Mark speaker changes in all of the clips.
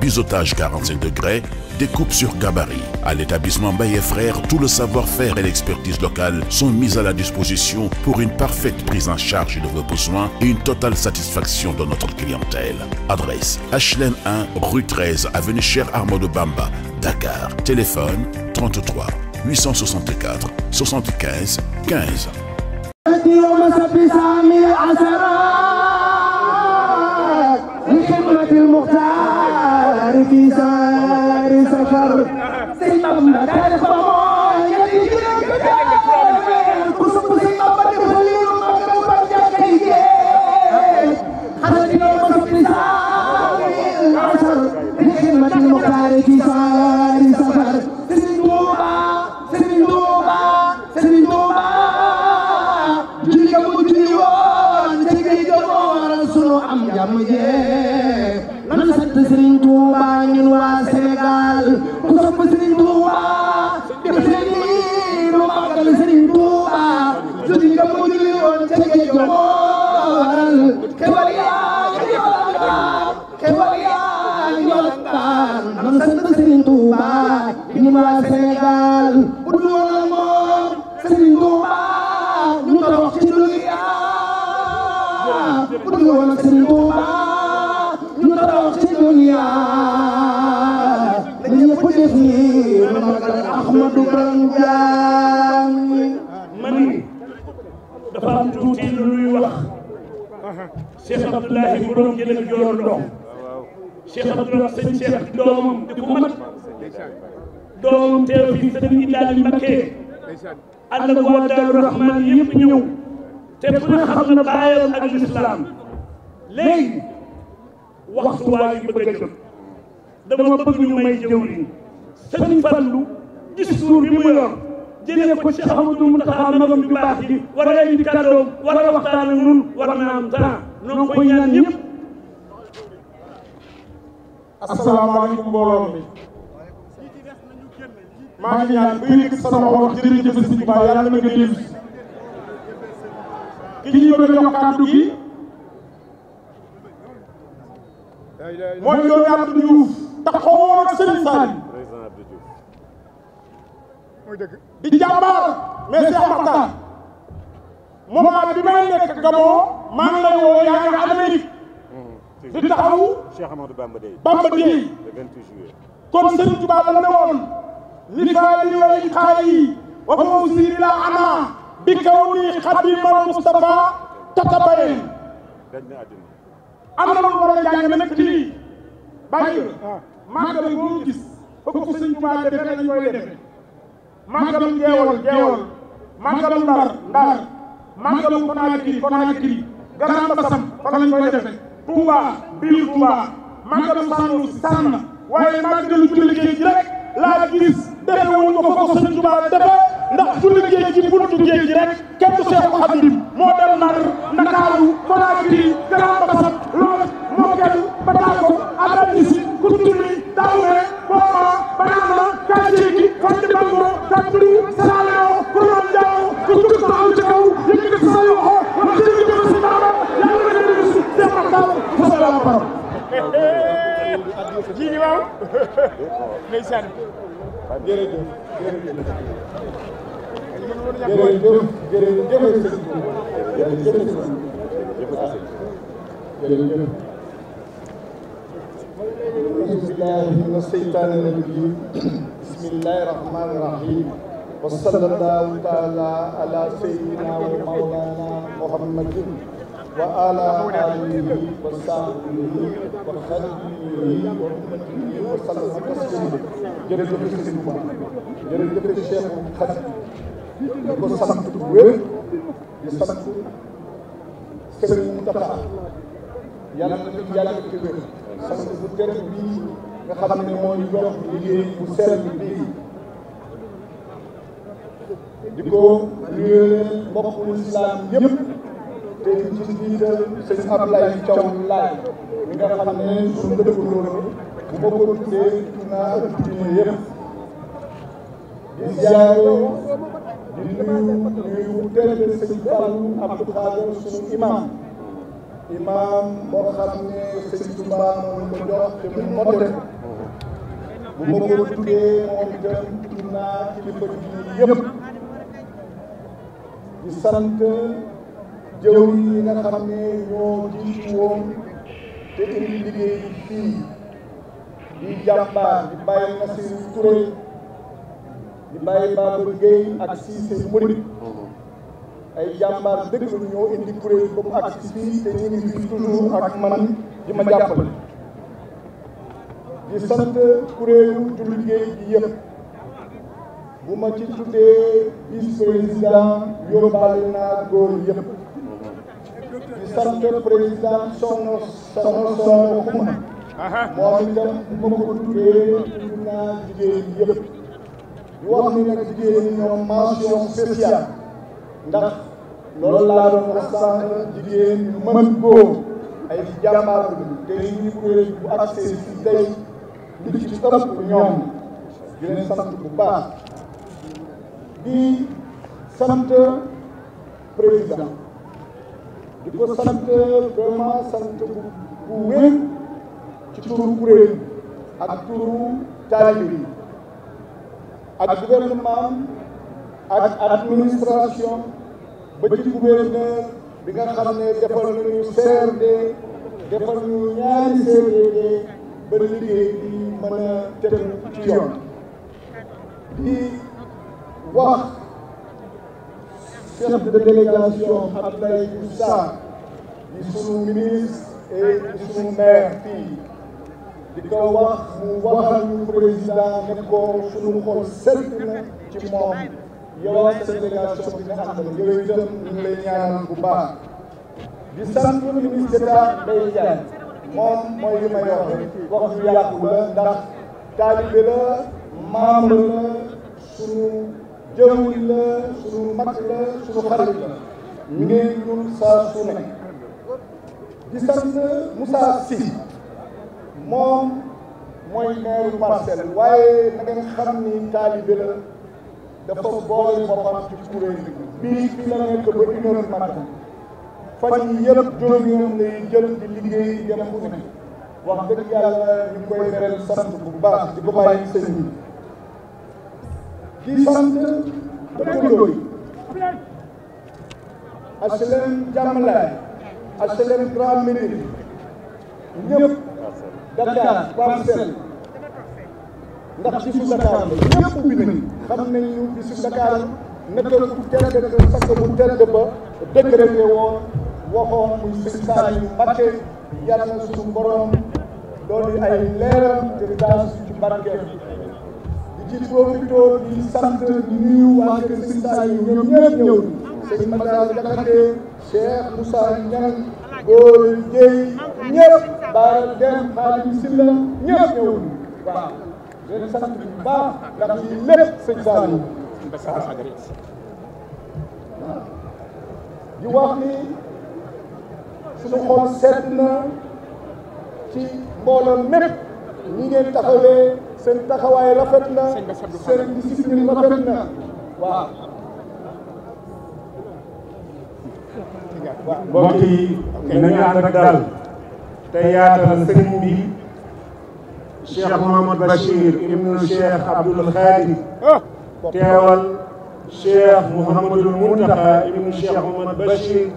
Speaker 1: biseautage 45 degrés, découpe sur gabarit. À l'établissement Baye Frères, tout le savoir-faire et l'expertise locale sont mis à la disposition pour une parfaite prise en charge de vos besoins et une totale satisfaction de notre clientèle. Adresse HLM 1, rue 13, avenue Cheikh Amadou Bamba, Dakar. Téléphone
Speaker 2: ci saari safar sëñ Bamba daa def ba moo ñetti juróom bi daal ku sukk sëñ Bamba def ba lii lu mag rek ba jàkka yi jéem xanaa dina ma sukk ci saari safar li xidmatil muxtaar ci saari safar sëñ Tuuba sëñ Tuuba sëñ Tuuba julli ga mu julli woon te kay jëmoon sunu am jàmm jee Serigne Touba ñun waa Sénégal ku sopp Serigne Touba def leen nii nu màggal Serigne Touba suñu nga mu julli woon ca géej ga moo waral xewal yaa ñu yolkaan xewal yaa ñu yolkaan man sant Serigne Touba ñun waa Sénégal bu dul woon moom Serigne Touba ñu tabax ci duniya bu dul woon Serigne Touba nii magal Ahmadou Bamba mani dafa am tuuti lu ñuy wax
Speaker 1: Cheikh Abdoulahi borom jëlëg
Speaker 2: joor ndox Cheikh Abdoulahi sëñ Cheikh doomam di ko mat doomam teew fi sëñ Idaali Mbakke ànd ak waa Daaru Rahman yëpp ñëw te ku ne xam na bàyyam ak lislaam léegi waxtu waa ngi bëgg a jot dama bëgg ñu may jëwriñ sëriñ Fallu discours bi mu yor jëlee ko ci Ahmadou Mountakha magam bi baax gi war a indi kàddoom war a waxtaan ak ñun war naa am temps noo ngi koy ñaan ñëpp asalaamaaleykum mbooloo mi maa ngi ñaan bu yëkk sa loxo wax jërëjëf sëriñ Ba yàlla na nga dellu ki ñu bëgg a jox kàddu gi mooy yoon Abdou Diouf taxawoon ak sëriñ Saliou di jàmbaar mais Cheikh Makhtar moment bi may nekk Gabon
Speaker 3: maa ngi lay woo a ngi Amérique hmm. di taxawu Cheikh Amadou Bamba
Speaker 2: kon Serigne Touba la ne woon li faali wali xaayi wa fawzi la ana bi kawni xadimal Mustafa tatabayen daj na am na lu war a jàng nag ci bàyyi ah. màggal bu ñu gis foofu Serigne Touba defee lañ koy defee màggalu Njeewal Njeewal màggalu Ndar Ndar màggalu Konaakiri Konaakiri Grand Bassam fa lañ koy defe Touba biir Touba màggalu Sanusi sànn waaye màggalu julli géej rek laa gis defewuñ ko fa ko Sëñ Tuubaa defe ndax julli géej ci buntu géej gi rek kenn du Seexu Xadim moo dem Ndar Ndakaaru Konaakiri Grand Bassam loolu moo kenn ba ku julli Daouda Boma Banama Kajiki Fadi Bango Dakri Salalo Kulam Jao Kutuk Taal Jao Yekki Sa Yoho Masjid Jao Sinama Yalla Nga Dëgg Su Sefa Daal Fasalaam Baram Jini waaw ndeysaan jërëjëf jërëjëf jërëjëf
Speaker 4: jërëjëf أعوذ بالله من الشيطان الرجيم بسم الله الرحمن الرحيم وصلى الله تعالى على سيدنا ومولانا محمد وعلى آله وصحبه وخدمه وأمته وسلم تسليما jërëjëf sëñ Touba jërëjëf Cheikh Khadim
Speaker 1: di ko sant wér
Speaker 4: di sant sëriñ Moustapha yàlla na yàlla ci wér sant bu tedd bii nga xam ne mooy jox liggéey bu sell bii di ko nuyee mbokku lislaam yëpp te di ci jiital sëñ Ablaye Thiaw Laay mi nga xam ne suñu dëkkandoo la bu ma ko tuddee naa tuddee yëpp di ziaro di nuyu nuyu tedd sëñ Fallou Abdou Khadre suñu imam imaam boo xam ne sëñ Tuubaa moom te mu ko def bu ma ko tuddee moom itam tudd naa kilifa yi yëpp di sant jëw yi xam ne ñoo jiitu woon te indi liggéey fii di jàmbaar di bàyyi Nasir Touré di bàyyi Baaba Gueye ak Cissé Mouride ay jàmbaar dëgg la ñoo indi kuréel ba mu àgg te ñu ngi fii toujours ak man di ma jàppale. di sant kuréelu jullit géej gi yëpp bu ma ci tuddee vice président yóbbaale naa góor yëpp. di sant président sono sono sono moom itam bu ma ko tuddee tudd naa jigéen yëpp. di wax ni nag jigéen ñi ñoom mention spéciale. ndax loolu laa doon wax sànq jigéen ñu mën góor ay jàmbaar te ñu kuréel bu accès si tey li ci ëpp ñoom di leen sant bu baax di sant président di ko sant vraiment sant bu bu wér ci turu kuréel ak turu taalib yi ak administration ba ci bi nga xam ne defal nañu CRD defal nañu ñaari CRD ba liggéey bi mën a tegu ci yoon di wax chef de délégation Abdoulaye Diouf Sarr di sunu ministre et sunu maire fii di ko wax mu waxal président ne sunu xol sedd ci moom yow a sa délégation bi nga àndal yow itam ñu lay ñaanal bu baax di sant ministre d'État Mbaye Diagne moom mooy li may wax wax yu yàqu la ndax taalibe la membre la suñu jëwriñ la suñu mag la suñu xarit la ñu ngi ñun saa su ne di sant Moussa Sy moom mooy maire parcelle waaye na xam ni taalibe la dafa boole boppam ci kuréel bi bii fi la nekk ba une heure du matin fan yi jël di liggéey dem fu ne wax dëgg yàlla koy beral sant bu baax di ko bàyyi sëñ bi di sant a yi HLM Diamalaye HLM Grand Médine ñëpp Dakar Parcelles ndax bisu Dakar ñëpp bi nañu xam nañu bisu Dakar nekk ku tedd que parce que bu tedd ba décrété woon waxoon muy sëñ Saaliu Mbàkke yàlla na suñu borom doolu ay leeram te daal ci barkeem di ci profité di sant nuyu waa kër sëñ Saaliu ñoom ñëpp ñëw sëñ Madara Jaxate Cheikh Moussa Ñan Góor Jéy ñëpp Baara Dem Xaadim Silla ñëpp ñëw waaw leen sant bu baax ndax lii lépp sëñ Saliou di wax ni suñu xol seet na ci mbooloo mépp ñi ngeen taxawee seen taxawaay rafet na seen discipline rafet na waaw
Speaker 3: mbokk yi nañu ànd daal te yaatal sëñ bi Cheikh Mouhamad Bachir ibnu Cheikh Abdoul Khadi ah! teewal Cheikh Mouhamadul Mountakha ibnu Cheikh Mouhamad Bachir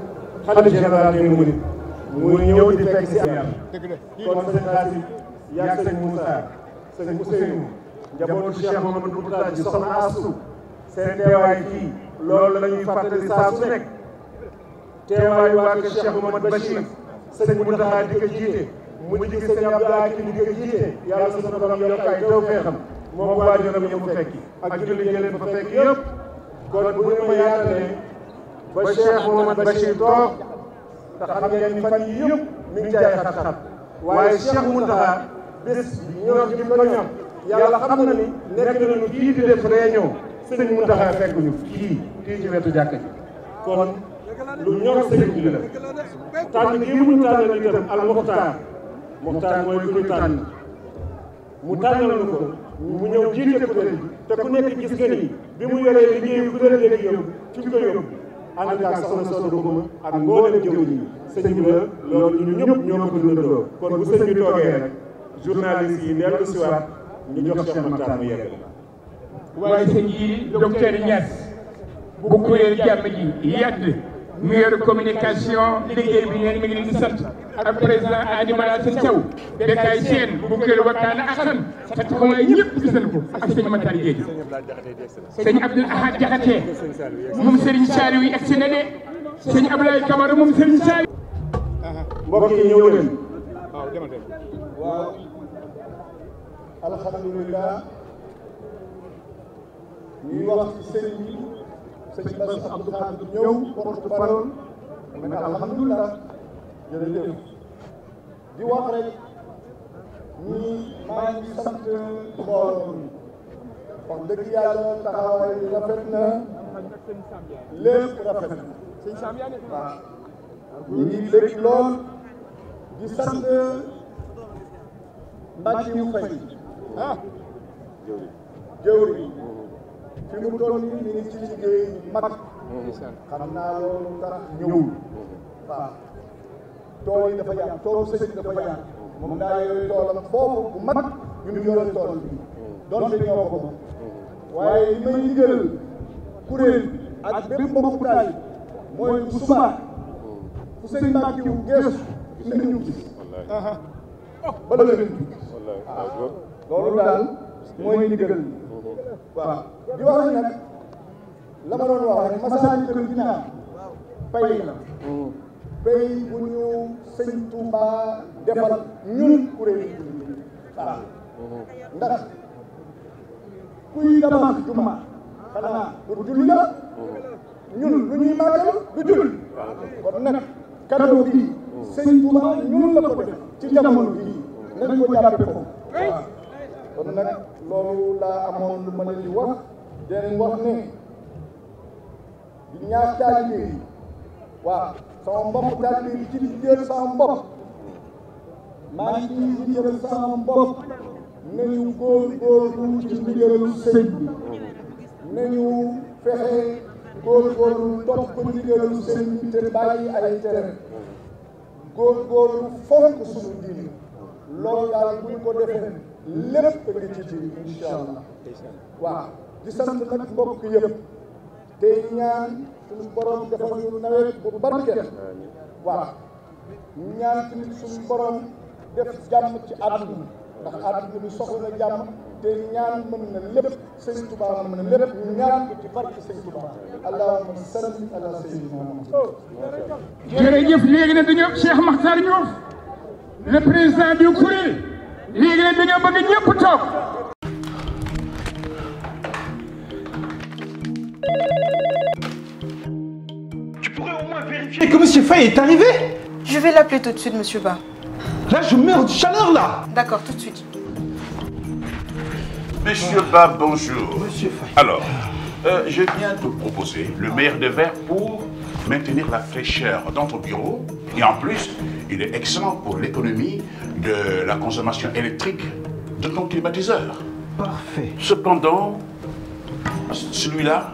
Speaker 3: xalif général des mourides mu ñëw di fekk si am kon sëñ Xaasim yaa sëñ Moussa sëñ Ousseynou njabootu Cheikh Mouhamad Mountakha ji soxna Astu seen teewaay fii loolu la ñuy fàttali saa su nekk teewaayu waa kër Cheikh Mouhamad Bachir sëñ Mountakha di mu jigi sëñ Abdoulaye ki nga jiite yàlla suñu borom yokk ay tawfeexam moom waajuram ñëw fekki ak julli ñu leen fa fekk yëpp kon bu ñu ma yaatalee
Speaker 1: ba Cheikh Mouhamad Bachir toog
Speaker 3: te xam ngeen ni fan yii yëpp mi ngi jaay xam na ni nekk nañu kii di def réunion sëñ Mountakha fekk ñu kii kii ci wetu jàkka ji kon lu ñor sëñ bi la tànn kii mu tànn itam al muxtaar Mokhtar mooy ku ñu tànn mu tànnal ñu ko mu ñëw jiite kuréel bi te ku nekk gis nga ni bi mu yoree liggéeyu kuréel léegi yóbbu fi ñu ko yóbbu ànd ak soxna soxna Bouma ak mboolem jëwriñ yi sëñ bi la loolu ñun ñëpp ñoo ko dundandoo kon bu sëñ bi toogee rek journaliste yi si waat ñu jox Cheikh mu yegg
Speaker 2: waaye sëñ yi docteur Niass bu kuréel jàmm ji yàgg meilleure communication liggéey bi ngeen mi ngi leen di sant ak président Adimala Sène Thiaw Bekkaay Sène bu kër Wakana Assane taxawaay ñëpp gis nañ ko ak sëñ Matar Gueye sëñ Abdoul Ahad Diakhaté
Speaker 3: moom Serigne Saliou yi ak si na de sëñ Abdoulaye Camara moom Serigne Saliou
Speaker 4: mbokk yi ñëw leen waaw alhamdulilah ñuy wax sëñ bi sëñ Bass Abdou Khadre ñëw porte parole mais alhamdulilah jërëjëf di wax rek ni maa ngi sant mbooloo mi wax dëgg yàlla taxawaay rafet na
Speaker 2: lépp rafet na waaw
Speaker 4: ñu ngi bëgg lool di sant Mbackiou Faye ah jëwri fi mu toll nii ci liggéey mag xam naa loolu tax ñëwul tool yi dafa yaatu toolu sëñ bi dafa yaatu moom daa yore toolam foofu bu mag ñun yore tool bi donte ñoo ko moom waaye li may digal kuréel ak bépp mbokku taal bu suba fu sëñ Mbàkke wu geesu ñu gis oh, bala la gën ah, loolu daal mooy ndigal waaw di wax nag la ma doon wax rek masalikul jinaan fay la mm. béy bu ñu sëñ Touba defal ñun kuréel yi waaw ndax kuy tabax juma xanaa pour julli la ñun lu ñuy màggal du julli kon nag cadeau bi sëñ Touba ñun la ko kon nag loolu laa amoon lu ma leen di wax den wax ne di ñaar taalibe yi sama mbokk daal bi ci jël sama bopp maa ngi ci jël sama bopp nañu góorgóorlu ci ndigalu sëñ bi nañu fexe góorgóorlu topp ndigalu sëñ bi te bàyyi ay tere góorgóorlu fonk suñu diine loolu daal buñ ko defee lépp nga ci biir incha allah waaw di sant nag mbokk tey ñaan suñu borom defal ñu nawet bu barkeel waaw ñaan tamit suñu borom def jàmm ci àdduna ndax àdduna bi soxla na jàmm te ñaan mën na lépp sëñ Tuubaa mën na lépp ñaan ko ci barke sëñ Tuubaa allahumma salli ala sayyidina Muhammad jërëjëf léegi nag dañoo Cheikh
Speaker 2: Makhtar Diouf le président du kuréel léegi nag dañoo bëgg ñëpp toog vérifier que Monsieur Fay est arrivé Je vais l'appeler tout de suite, Monsieur Ba. Là, je meurs de chaleur, là D'accord, tout de suite.
Speaker 1: Monsieur Ba, bonjour. Monsieur Fay. Alors, euh, je viens de proposer le meilleur des verres pour maintenir la fraîcheur dans ton bureau. Et en plus, il est excellent pour l'économie de la consommation électrique de ton climatiseur. Parfait. Cependant, celui-là,